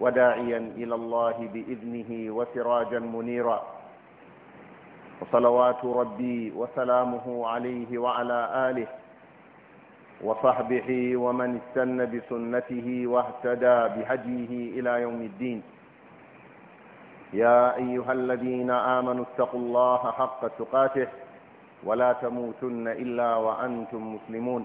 وداعيا إلى الله بإذنه وسراجا منيرا وصلوات ربي وسلامه عليه وعلى آله وصحبه ومن استن بسنته واهتدى بهديه إلى يوم الدين يا أيها الذين آمنوا اتقوا الله حق تقاته ولا تموتن إلا وأنتم مسلمون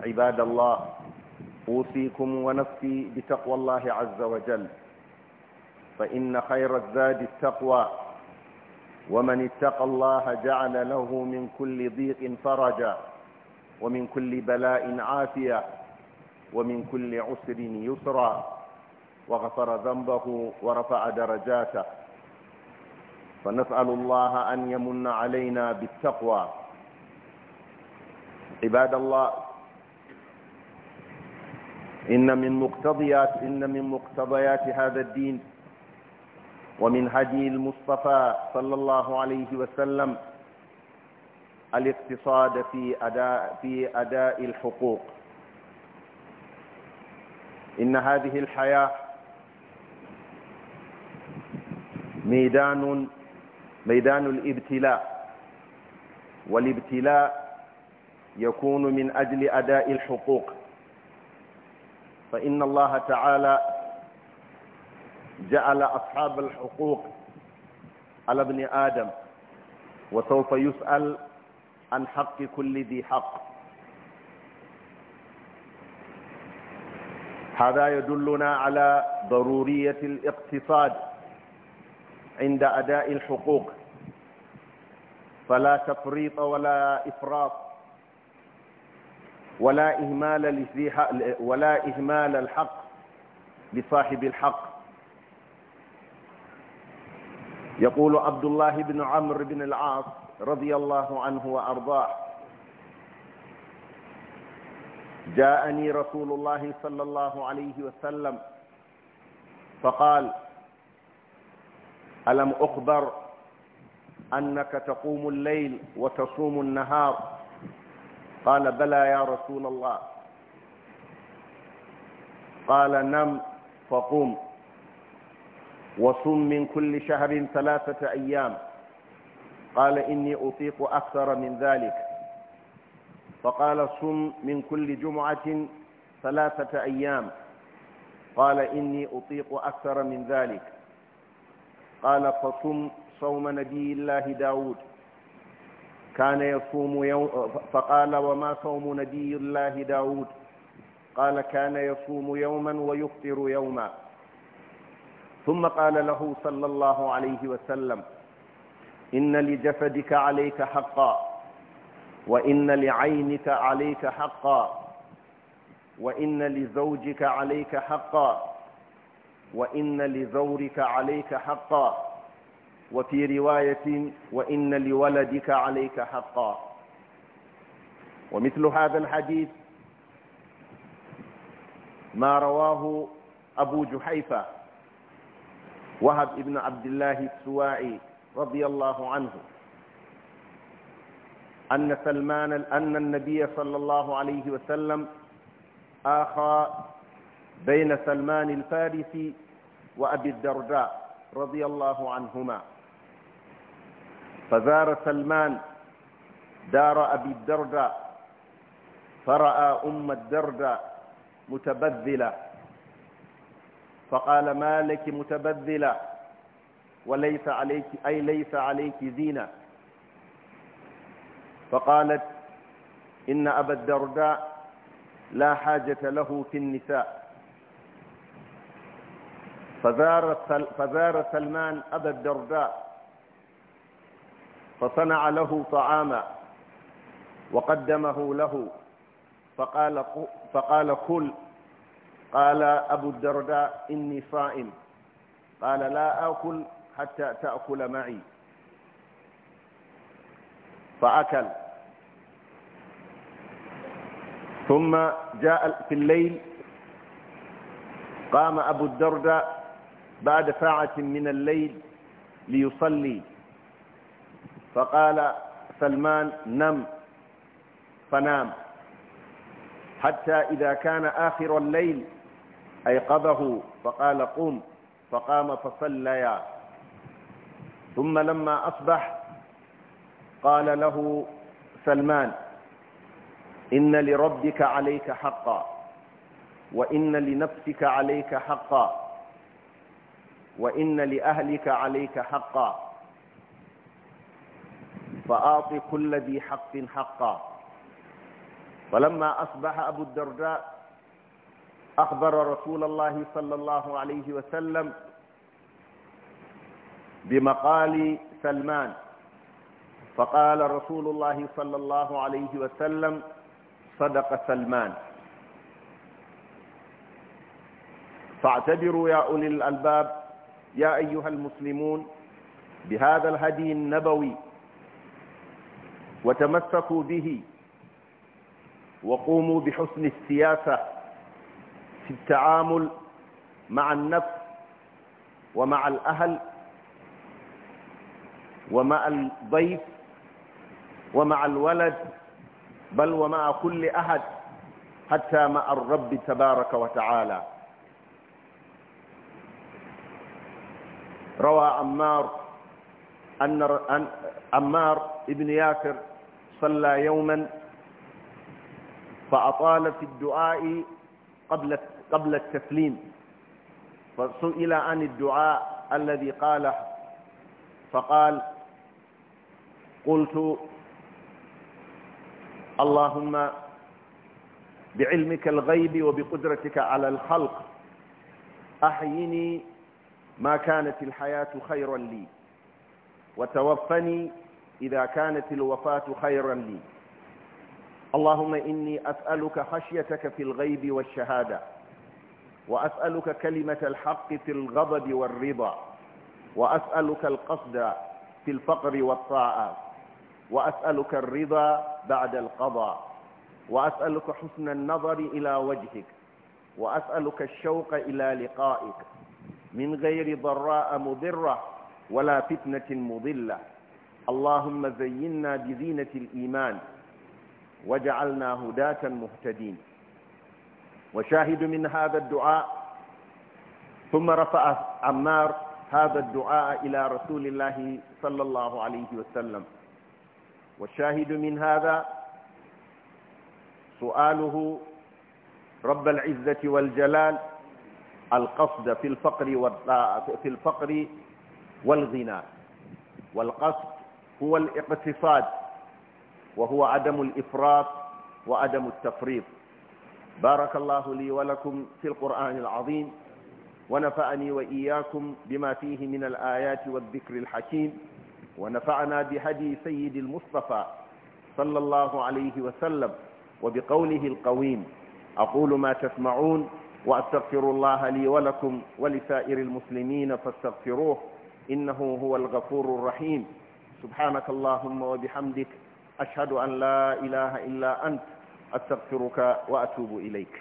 عباد الله أوصيكم ونفسي بتقوى الله عز وجل فإن خير الزاد التقوى ومن اتقى الله جعل له من كل ضيق فرجا ومن كل بلاء عافية ومن كل عسر يسرا وغفر ذنبه ورفع درجاته فنسأل الله أن يمن علينا بالتقوى عباد الله إن من مقتضيات إن من مقتضيات هذا الدين ومن هدي المصطفى صلى الله عليه وسلم الاقتصاد في أداء في أداء الحقوق إن هذه الحياة ميدان ميدان الابتلاء والابتلاء يكون من أجل أداء الحقوق فإن الله تعالى جعل أصحاب الحقوق على ابن آدم وسوف يسأل عن حق كل ذي حق هذا يدلنا على ضرورية الاقتصاد عند أداء الحقوق فلا تفريط ولا إفراط ولا إهمال, ولا إهمال الحق لصاحب الحق يقول عبد الله بن عمرو بن العاص رضي الله عنه وأرضاه جاءني رسول الله صلى الله عليه وسلم فقال ألم أخبر أنك تقوم الليل وتصوم النهار قال بلى يا رسول الله قال نم فقم وصم من كل شهر ثلاثة أيام قال إني أطيق أكثر من ذلك فقال صم من كل جمعة ثلاثة أيام قال إني أطيق أكثر من ذلك قال فصم صوم نبي الله داود كان يصوم يوم فقال وما صوم نبي الله داود قال كان يصوم يوما ويفطر يوما ثم قال له صلى الله عليه وسلم إن لجسدك عليك حقا وإن لعينك عليك حقا وإن لزوجك عليك حقا وإن لزورك عليك حقا وفي رواية وإن لولدك عليك حقا ومثل هذا الحديث ما رواه أبو جحيفة وهب ابن عبد الله السواعي رضي الله عنه أن سلمان أن النبي صلى الله عليه وسلم آخى بين سلمان الفارسي وأبي الدرداء رضي الله عنهما فزار سلمان دار أبي الدرداء فرأى أم الدرداء متبذلة فقال ما لك متبذلة وليس عليك أي ليس عليك زينة فقالت إن أبا الدرداء لا حاجة له في النساء فزار, فزار سلمان أبا الدرداء فصنع له طعاما وقدمه له فقال, فقال كل قال أبو الدرداء إني صائم قال لا آكل حتى تأكل معي فأكل ثم جاء في الليل قام أبو الدرداء بعد ساعة من الليل ليصلي فقال سلمان نم فنام حتى إذا كان آخر الليل أيقظه فقال قم فقام فصليا ثم لما أصبح قال له سلمان إن لربك عليك حقا وإن لنفسك عليك حقا وإن لأهلك عليك حقا فأعط كل ذي حق حقا فلما أصبح أبو الدرداء أخبر رسول الله صلى الله عليه وسلم بمقال سلمان فقال رسول الله صلى الله عليه وسلم صدق سلمان فاعتبروا يا أولي الألباب يا أيها المسلمون بهذا الهدي النبوي وتمسكوا به وقوموا بحسن السياسة في التعامل مع النفس ومع الأهل ومع الضيف ومع الولد بل ومع كل أحد حتى مع الرب تبارك وتعالى روى عمار أن عمار ابن ياسر صلى يوما فأطال في الدعاء قبل قبل التسليم فسئل عن الدعاء الذي قاله فقال قلت اللهم بعلمك الغيب وبقدرتك على الخلق أحيني ما كانت الحياة خيرا لي وتوفني إذا كانت الوفاة خيرا لي اللهم إني أسألك خشيتك في الغيب والشهادة وأسألك كلمة الحق في الغضب والرضا وأسألك القصد في الفقر والطاعة وأسألك الرضا بعد القضاء وأسألك حسن النظر إلى وجهك وأسألك الشوق إلى لقائك من غير ضراء مضرة ولا فتنة مضلة اللهم زينا بزينة الإيمان وجعلنا هداة مهتدين وشاهد من هذا الدعاء ثم رفع عمار هذا الدعاء إلى رسول الله صلى الله عليه وسلم والشاهد من هذا سؤاله رب العزة والجلال القصد في الفقر في الفقر والغنى والقصد هو الاقتصاد وهو عدم الإفراط وعدم التفريط بارك الله لي ولكم في القرآن العظيم ونفعني وإياكم بما فيه من الآيات والذكر الحكيم ونفعنا بهدي سيد المصطفى صلى الله عليه وسلم وبقوله القويم أقول ما تسمعون وأستغفر الله لي ولكم ولسائر المسلمين فاستغفروه إنه هو الغفور الرحيم سبحانك اللهم وبحمدك أشهد أن لا إله إلا أنت أستغفرك وأتوب إليك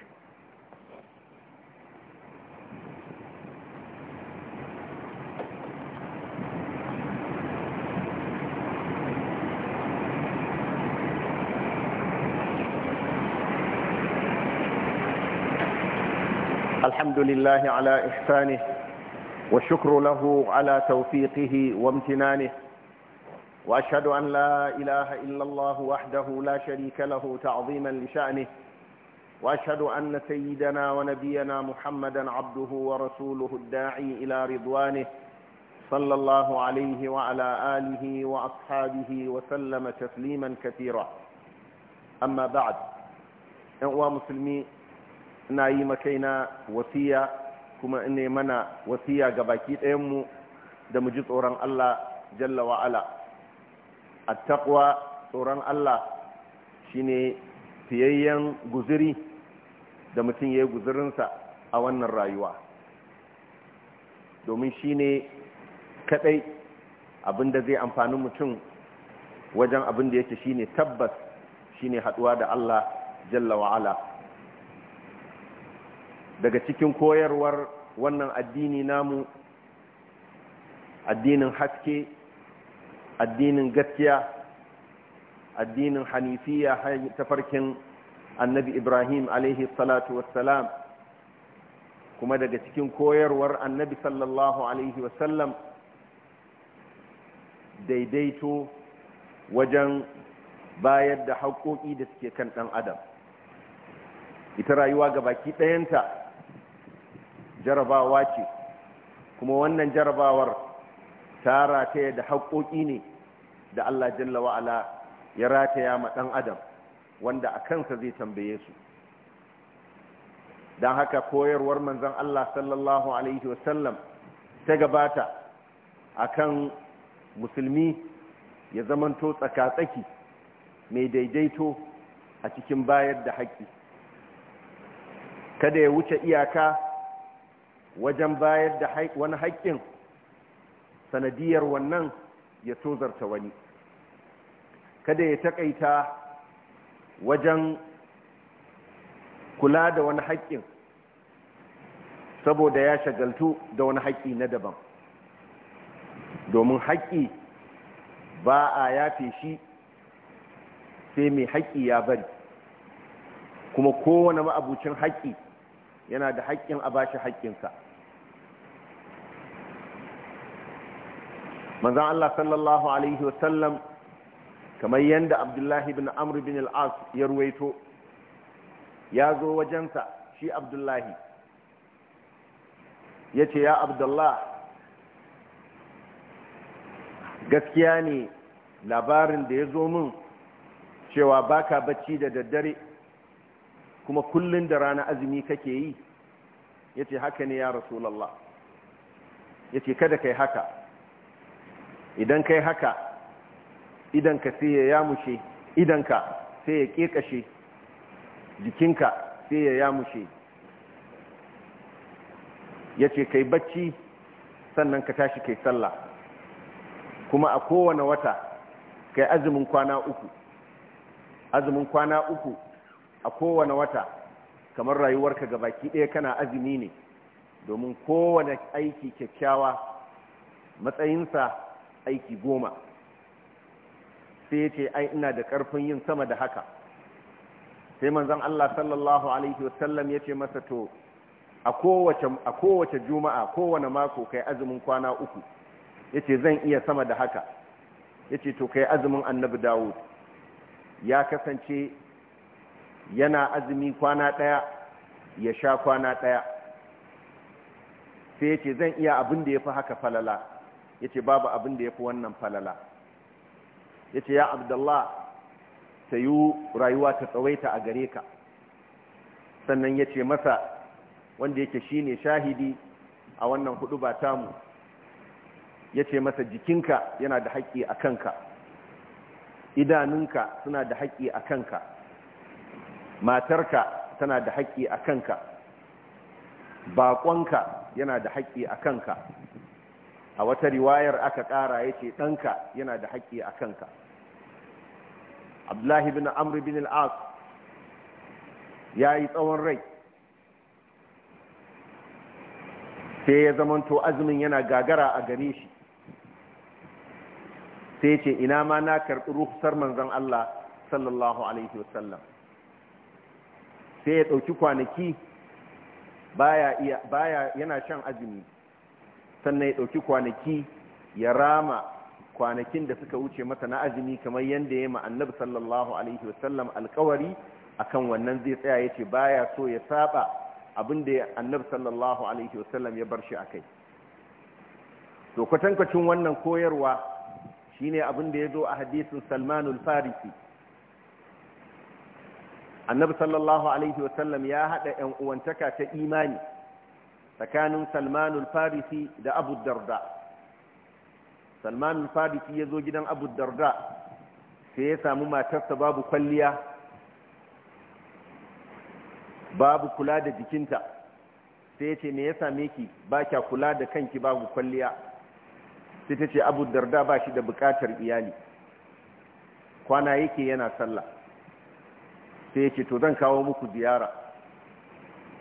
الحمد لله على إحسانه والشكر له على توفيقه وامتنانه وأشهد أن لا إله إلا الله وحده لا شريك له تعظيما لشأنه وأشهد أن سيدنا ونبينا محمدا عبده ورسوله الداعي إلى رضوانه صلى الله عليه وعلى آله وأصحابه وسلم تسليما كثيرا أما بعد إعوى مسلمي نايم كينا وسيا كما إني منا وسيا قباكيت أمو دمجت أوران الله جل وعلا attaqwa tsoron Allah shine fiyayyen guziri da mutum ya yi guzirinsa a wannan rayuwa domin shine kadai abinda zai amfani mutum wajen abinda yake shine tabbas shine haɗuwa da Allah jalla wa'ala daga cikin koyarwar wannan addini namu addinin haske addinin gaskiya addinin hanifiya ta farkin annabi ibrahim alaihi salatu wassalam kuma daga cikin koyarwar annabi sallallahu alaihi wasallam daidaito wajen bayar da haƙoƙi da suke kan ɗan adam ita rayuwa ga baki ɗayanta jarabawa ce kuma wannan jarabawar ta rataya da haƙoƙi ne da Allah jalla wa'ala ya rataya ma ɗan adam wanda a kansa zai tambaye su don haka koyarwar manzon Allah sallallahu Alaihi wasallam ta gabata akan musulmi ya zamanto tsaka-tsaki mai daidaito a cikin bayar da haƙƙi kada ya wuce iyaka wajen bayar da wani haƙƙin sanadiyar wannan ya tozarta wani kada ya takaita wajen kula da wani haƙƙin saboda ya shagaltu da wani haƙƙi na daban domin haƙƙi ba a yafe shi sai mai haƙƙi ya bari kuma kowane ma'abucin haƙƙi yana da haƙƙin a bashi haƙƙinsa manzan Allah sallallahu alaihi wasallam kamar yadda abdullahi bin amr bin al'as ya ruwaito ya zo wajensa shi abdullahi ya ce ya abdullah gaskiya ne labarin da ya zo min cewa baka bacci da daddare kuma kullum da rana azumi kake yi ya ce haka ne ya rasulallah ya ce kada kai haka idan kai haka idanka sai ya yamushe idanka sai ya kekashe jikinka sai ya yamushe ya ce kai bacci sannan ka tashi kai sallah kuma a kowane wata kai azumin kwana uku azumin kwana uku a kowane wata kamar rayuwarka ga baki ɗaya kana azumi ne domin kowane aiki kyakkyawa matsayinsa aiki goma sai ya ce ai ina da ƙarfin yin sama da haka sai manzon Allah sallallahu alaihi wasallam ya ce masa to a kowace juma'a kowane mako kai azumin kwana uku ya ce zan iya sama da haka ya ce to kai azumin annabi dawud ya kasance yana azumi kwana ɗaya ya sha kwana ɗaya sai ya ce zan iya abin da ya fi haka falala yace babu abin da yafi wannan falala yace ya abdullah sayu rayuwa ta tsawaita a gare ka sannan yace masa wanda yake shine shahidi a wannan hudu ba tamu yace masa jikinka yana da haƙƙi a kanka idanunka suna da haƙƙi a kanka matarka tana da haƙƙi a kanka baƙonka yana da haƙƙi a kanka a wata riwayar aka ƙara ya ce ɗanka yana da haƙƙi a kanka abdullahi bin amr bin al'as ya yi tsawon rai sai ya zamanto azumin yana gagara a gare shi sai ce ina ma na karɓi ruhsar manzan Allah sallallahu alaihi wasallam sai ya ɗauki kwanaki baya yana shan azumi sannan ya ɗauki kwanaki ya rama kwanakin da suka wuce masa na azumi kamar yadda ya ma annabi sallallahu alaihi wasallam alkawari akan wannan zai tsaya ya ce baya so ya saba abin da annabi sallallahu alaihi wasallam ya bar shi a kai to kwatankwacin wannan koyarwa shine abin da ya zo a hadisin salmanul farisi annabi sallallahu alaihi wasallam ya haɗa 'yan uwantaka ta imani tsakanin salmanul farisi da abu darda salmanul farisi ya zo gidan abu darda sai ya samu matarsa babu kwalliya babu kula da jikinta sai ya ce me ya same ki ba kya kula da kanki babu kwalliya sai ta ce abu darda ba shi da bukatar iyali kwana yake yana sallah sai ya ce to zan kawo muku ziyara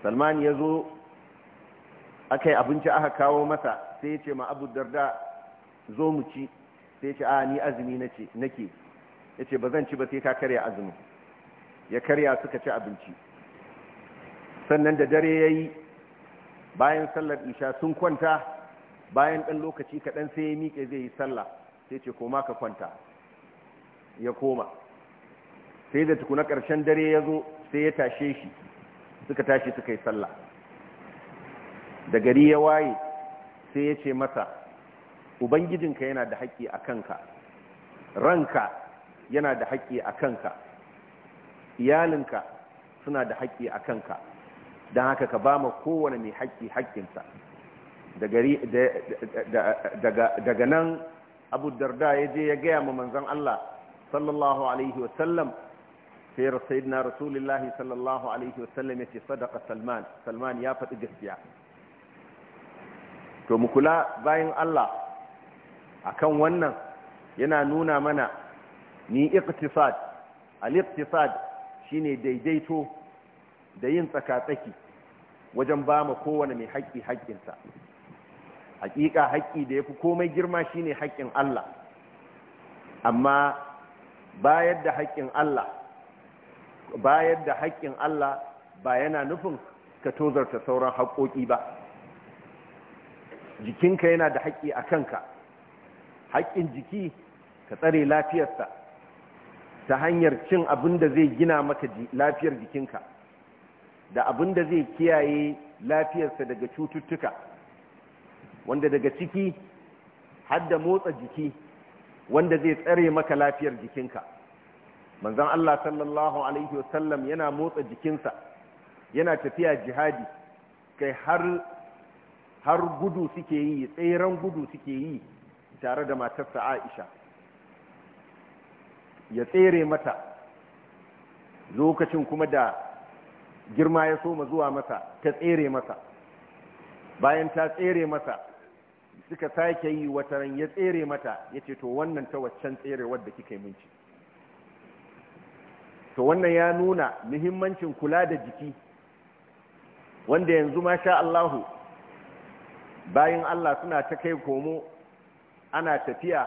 salman ya zo aka yi abinci aka kawo masa sai ya ce ma abu darda zo mu ci sai ya ce a ni azumi nake ya ce ba zan ci ba sai ka karya azumi, ya karya suka ci abinci sannan da dare ya yi bayan sallar isha sun kwanta bayan ɗan lokaci kaɗan sai ya miƙe zai yi sallah sai ce koma ka kwanta ya koma sai da tukuna ƙarshen dare ya zo sai ya tashe shi suka tashi suka yi sallah da gari ya waye sai ya ce masa ubangijinka yana da haƙƙi a kanka ranka yana da haƙƙi a kanka iyalinka suna da haƙƙi a kanka don haka ka ba ma kowane mai haƙƙi haƙƙinsa daga nan abu darda ya je ya gaya ma manzan Allah sallallahu alaihi wasallam sai sayyidina rasulullahi sallallahu alaihi wasallam ya ce sadaka salman salman ya faɗi gaskiya to mu kula bayan Allah akan wannan yana nuna mana ni iqtisad al-iqtisad shine daidaito da yin tsakatsaki wajen ba mu kowane mai haƙƙi haƙƙinsa haƙiƙa haƙƙi da yafi komai girma shine haƙƙin Allah amma bayar da haƙƙin Allah bayar da haƙƙin Allah ba yana nufin ka tozarta sauran haƙoƙi ba jikinka yana da haƙƙi a kanka haƙƙin jiki ka tsare lafiyarsa ta hanyar cin abin da zai gina maka lafiyar jikinka da abin da zai kiyaye lafiyarsa daga cututtuka wanda daga ciki hadda motsa jiki wanda zai tsare maka lafiyar jikinka manzon Allah sallallahu alaihi wasallam yana motsa jikinsa yana tafiya jihadi kai har har gudu suke yi tseren gudu suke yi tare da matarsa aisha ya tsere mata lokacin kuma da girma ya soma zuwa masa ta tsere masa bayan ta tsere masa suka sake yi wataran ya tsere mata ya ce to wannan ta waccan tsere wadda kika yi minci to wannan ya nuna muhimmancin kula da jiki wanda yanzu masha Allahu bayan Allah suna ta kai komo ana tafiya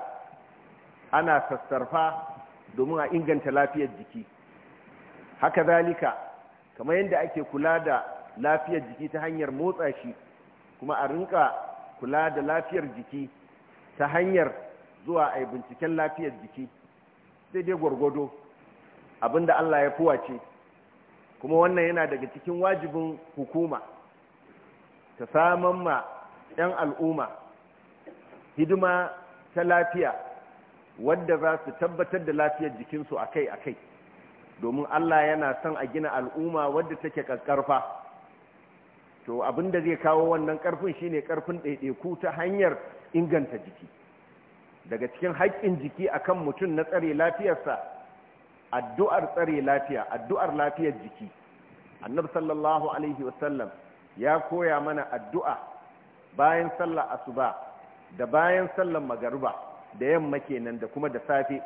ana sassarfa domin a inganta lafiyar jiki haka zalika kamar yadda ake kula da lafiyar jiki ta hanyar motsa shi kuma a rinka kula da lafiyar jiki ta hanyar zuwa a binciken lafiyar jiki sai dai gwargwado abinda Allah ya fuwace kuma wannan yana daga cikin wajibin hukuma ta saman ma 'yan al'umma hidima ta lafiya wadda za su tabbatar da lafiyar jikinsu akai-akai domin Allah yana son a gina al'umma wadda take karfa, to abinda zai kawo wannan ƙarfin shine ƙarfin ɗaiɗaiku ta hanyar inganta jiki daga cikin haƙƙin jiki akan mutum na tsare lafiyarsa addu'ar tsare lafiya addu'ar lafiyar jiki annabi sallallahu alaihi wasallam ya koya mana addu'a bayan sallar asuba da bayan sallar magaruba da yamma kenan da kuma da safe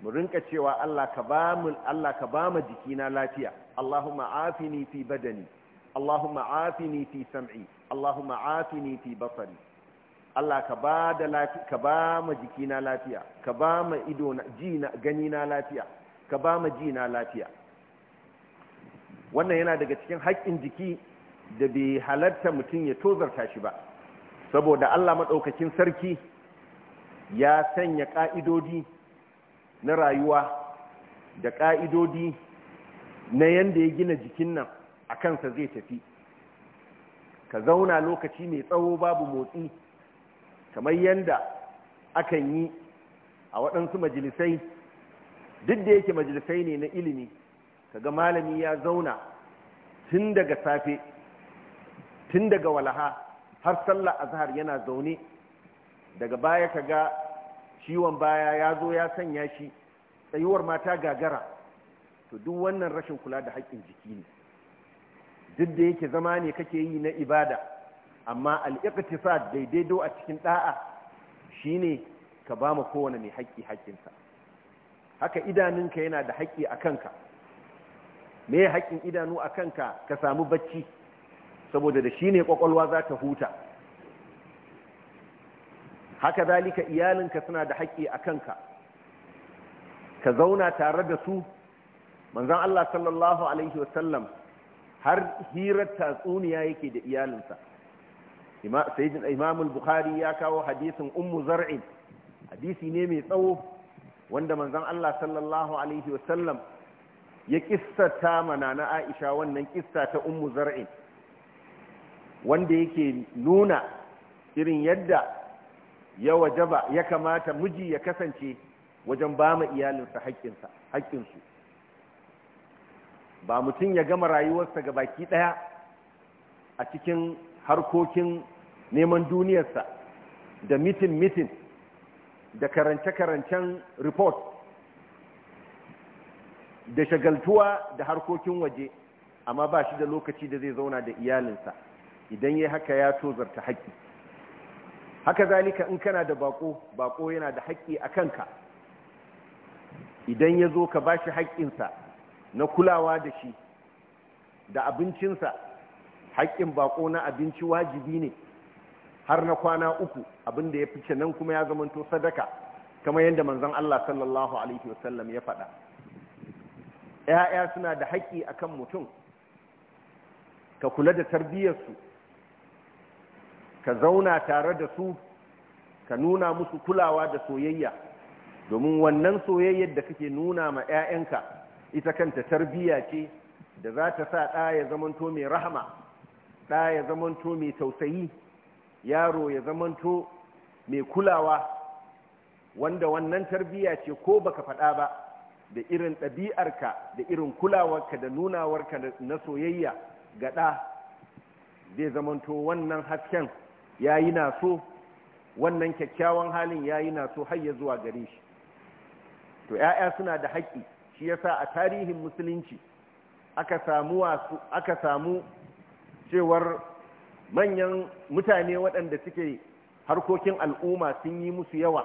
mu rinka cewa Allah ka ba mu Allah ka ba mu jikina lafiya Allahumma afini fi badani Allahumma afini fi sam'i Allahumma afini fi basari Allah ka ba da lafiya ka ba mu jikina lafiya ka ba mu ido na ji na gani na lafiya ka ba mu ji na lafiya wannan yana daga cikin haƙƙin jiki da bai halarta mutum ya tozarta shi ba saboda Allah maɗaukakin sarki ya sanya ƙa'idodi na rayuwa da ƙa'idodi na yanda ya gina jikin nan a kansa zai tafi ka zauna lokaci mai tsawo babu motsi kamar yanda akan yi a waɗansu majalisai duk da yake majalisai ne na ilimi kaga malami ya zauna tun daga safe tun daga walaha har sallar azhar yana zaune daga baya ka ga ciwon baya ya zo ya sanya shi tsayuwar mata gagara to duk wannan rashin kula da haƙƙin jiki ne duk da yake zama ne kake yi na ibada amma daidai do a cikin da'a shine ka ba mu kowane mai haƙƙi haƙƙinsa haka idanunka yana da haƙƙi a kanka me haƙƙin idanu a kanka ka samu bacci saboda da shi ne kwakwalwa za ta huta haka zalika iyalinka suna da haƙƙi a kanka ka zauna tare da su manzan Allah sallallahu Alaihi wasallam har hirar tatsuniya yake da iyalinsa imamul bukhari ya kawo hadisin ummu zar'in hadisi ne mai tsawo wanda manzan Allah sallallahu Alaihi wasallam ya kistata mana na Aisha wannan kista ta ummu zar'in wanda yake nuna irin yadda ya wajaba ya kamata miji ya kasance wajen ba ma iyalinsa haƙƙinsu ba mutum ya gama rayuwarsa ga baki ɗaya a cikin harkokin neman duniyarsa da mitin-mitin da karance-karancen report da shagaltuwa da harkokin waje amma ba shi da lokaci da zai zauna da iyalinsa idan yai haka ya tozarta haƙƙi haka zalika in kana da bako bako yana da haƙƙi a kanka idan ya zo ka bashi haƙƙinsa na kulawa da shi da abincinsa haƙƙin bako na abinci wajibi ne har na kwana uku abinda ya fice nan kuma ya zamanto sadaka kamar yadda manzon Allah sallallahu alaihi wasallam ya faɗa ‘ya'ya suna da haƙƙi akan mutum ka kula da tarbiyyarsu ka zauna tare da su ka nuna musu kulawa da soyayya domin wannan soyayyar da kake nuna ma 'ya'yanka ita kanta tarbiyya ce da za ta sa ɗa ya zamanto mai rahama ɗa ya zamanto mai tausayi yaro ya zamanto mai kulawa wanda wannan tarbiyya ce ko baka faɗa ba da irin ɗabi'arka da irin kulawarka da nunawarka na soyayya ga ɗa zai zamanto wannan hasken ya yi na so wannan kyakkyawan halin ya yi na so har ya zuwa gare shi to 'ya'ya suna da haƙƙi shi yasa a tarihin musulunci aka samu cewar manyan mutane waɗanda suke harkokin al'umma sun yi musu yawa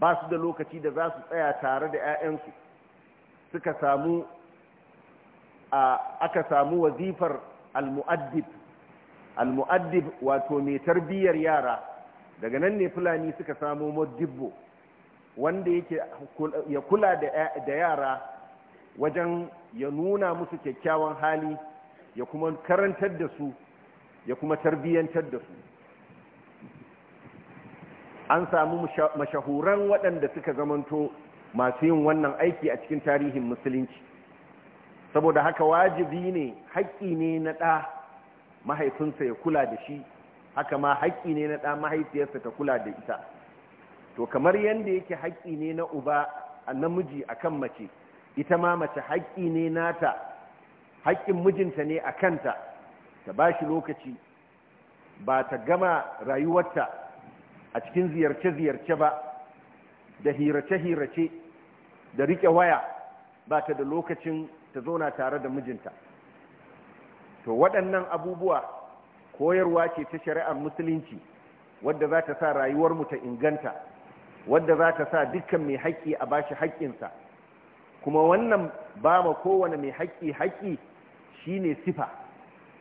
ba su da lokaci da za su tsaya tare da 'ya'yansu suka samu aka samu wazifar al al-mu'addib wato mai tarbiyyar yara daga nan ne fulani suka samu mudibbo wanda yake ya kula da yara wajen ya nuna musu kyakkyawan hali ya kuma karantar da su ya kuma tarbiyyantar da su an samu mashahuran waɗanda suka zamanto masu yin wannan aiki a cikin tarihin musulunci saboda haka wajibi ne haƙƙi ne na ɗa mahaifinsa ya kula da shi haka ma haƙƙi ne na ɗan mahaifiyarsa ta kula da ita to kamar yadda yake haƙƙi ne na uba a namiji a kan mace ita ma mace haƙƙi ne nata haƙƙin mijinta ne a kanta ta ba shi lokaci ba ta gama rayuwarta a cikin ziyarce-ziyarce ba da hirace-hirace da riƙe waya ba ta da lokacin ta zauna tare da mijinta to waɗannan abubuwa koyarwa ce ta shari'ar musulunci wadda za ta sa rayuwarmu ta inganta wadda za ta sa dukkan mai haƙƙi a bashi haƙƙinsa kuma wannan ba ma kowane mai haƙƙi haƙƙi shine sifa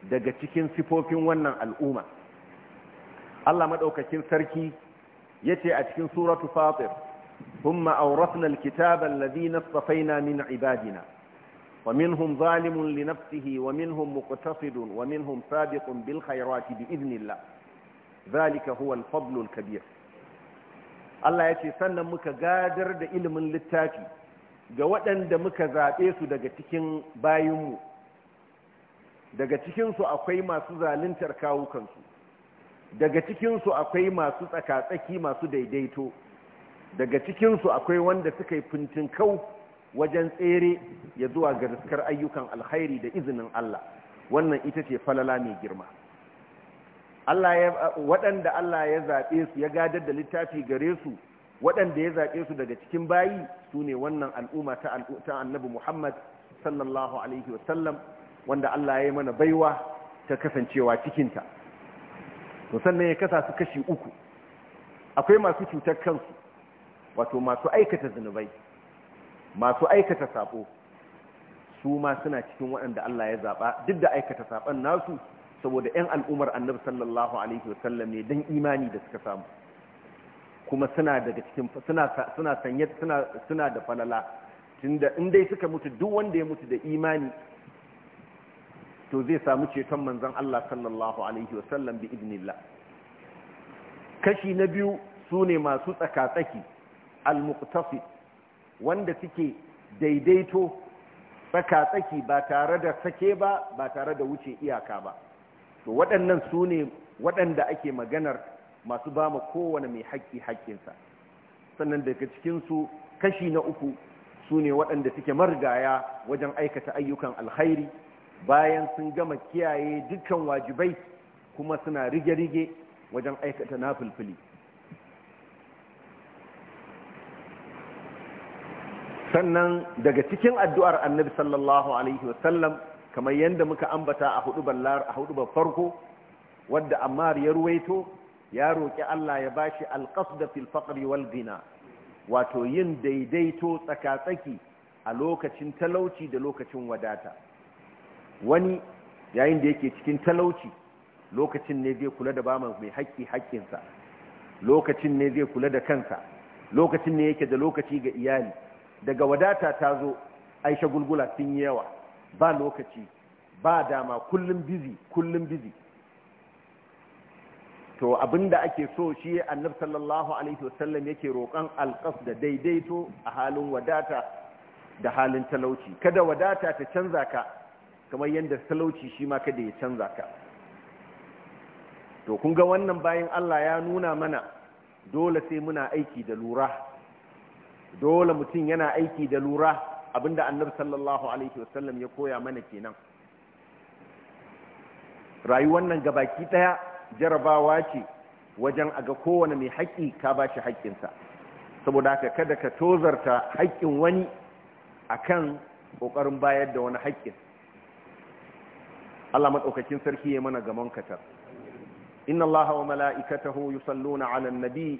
daga cikin sifofin wannan al'umma Allah maɗaukakin sarki ya ce a cikin suratu fatir ثم أورثنا الكتاب الذين اصطفينا من عبادنا ومنهم ظالم لنفسه ومنهم مقتصد ومنهم سابق بالخيرات بإذن الله ذلك هو الفضل الكبير Allah ya ce sannan muka gadar da ilimin littafi ga waɗanda muka zaɓe su daga cikin bayinmu daga cikinsu akwai masu zaluntar kawukansu daga cikinsu akwai masu tsakatsaki masu daidaito daga cikinsu akwai wanda suka yi fintinkau wajen tsere ya zuwa ga riskar ayyukan alkhairi da izinin Allah wannan ita ce falala mai girma Allah waɗanda Allah ya zaɓe su ya gadar da littafi gare su waɗanda ya zaɓe su daga cikin bayi su ne wannan al'umma ta annabi Muhammad sallallahu alaihi wasallam wanda Allah ya yi mana baiwa ta kasancewa cikinta to sannan ya kasa su kashi uku akwai masu cutar kansu wato masu aikata zunubai masu aikata sabo su ma suna cikin waɗanda Allah ya zaɓa duk da aikata saɓon nasu saboda 'yan al'ummar annabi sallallahu alaihi wasallam ne don imani da suka samu kuma suna daga cikin suna sanye suna da falala tunda in dai suka mutu duk wanda ya mutu da imani to zai samu ceton manzon Allah sallallahu alaihi wasallam bi idnillah kashi na biyu su ne masu tsakatsaki al-muqtasid wanda suke daidaito tsaka tsaki ba tare da sake ba ba tare da wuce iyaka ba to waɗannan su ne waɗanda ake maganar masu ba mu kowane mai haƙƙi haƙƙinsa sannan daga cikinsu kashi na uku su ne waɗanda suke marigaya wajen aikata ayyukan alhairi bayan sun gama kiyaye dukkan wajibai kuma suna rige-rige wajen aikata na fulfili sannan daga cikin addu'ar annabi sallallahu alaihi wasallam kamar yadda muka ambata a hudubar farko wadda ammar ya ruwaito ya roƙi Allah ya bashi alƙasda fil faqri wal gina wato yin daidaito tsakatsaki a lokacin talauci da lokacin wadata wani yayin da yake cikin talauci lokacin ne zai kula da baman mai haƙƙi haƙƙinsa lokacin ne zai kula da kansa lokacin ne yake da lokaci ga iyali daga wadata ta zo ai shagulgula sun yi yawa ba lokaci ba dama kullum bizi kullum bizi to abinda ake so shi annab sallallahu alaihi wasallam yake roƙon alƙas da daidaito a halin wadata da halin talauci kada wadata ta canza ka kamar yadda talauci shi ma kada ya canza ka to kun ga wannan bayan Allah ya nuna mana dole sai muna aiki da lura dole mutum yana aiki da lura abinda annabi sallallahu alaihi wasallam ya koya mana kenan rayuwar nan gabaki ɗaya jarabawa ce wajen a ga kowane mai haƙƙi ka ba shi haƙƙinsa saboda haka kada ka tozarta haƙƙin wani akan ƙoƙarin bayar da wani haƙƙin Allah maɗaukakin sarki ya mana gamon katar inna Allah wa mala'ikatahu yusalluna 'alan nabi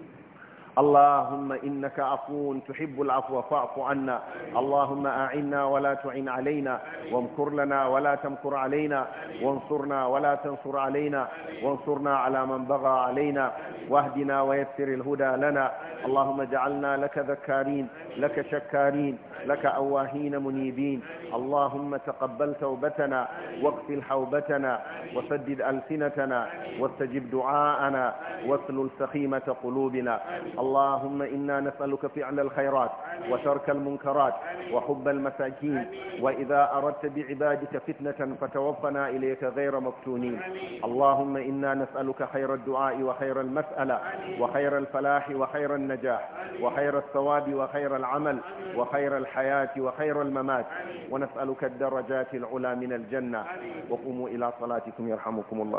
اللهم إنك عفو تحب العفو فاعف عنا اللهم أعنا ولا تعن علينا وامكر لنا ولا تمكر علينا وانصرنا ولا تنصر علينا وانصرنا على من بغى علينا واهدنا ويسر الهدى لنا اللهم اجعلنا لك ذكارين لك شكارين لك أواهين منيبين اللهم تقبل توبتنا واغفل حوبتنا وسدد ألسنتنا واستجب دعاءنا واسلل سخيمة قلوبنا اللهم إنا نسألك فعل الخيرات وترك المنكرات وحب المساكين وإذا أردت بعبادك فتنة فتوفنا إليك غير مفتونين اللهم إنا نسألك خير الدعاء وخير المسألة وخير الفلاح وخير النجاح وخير الثواب وخير العمل وخير الحياة وخير الممات ونسألك الدرجات العلى من الجنة وقوموا إلى صلاتكم يرحمكم الله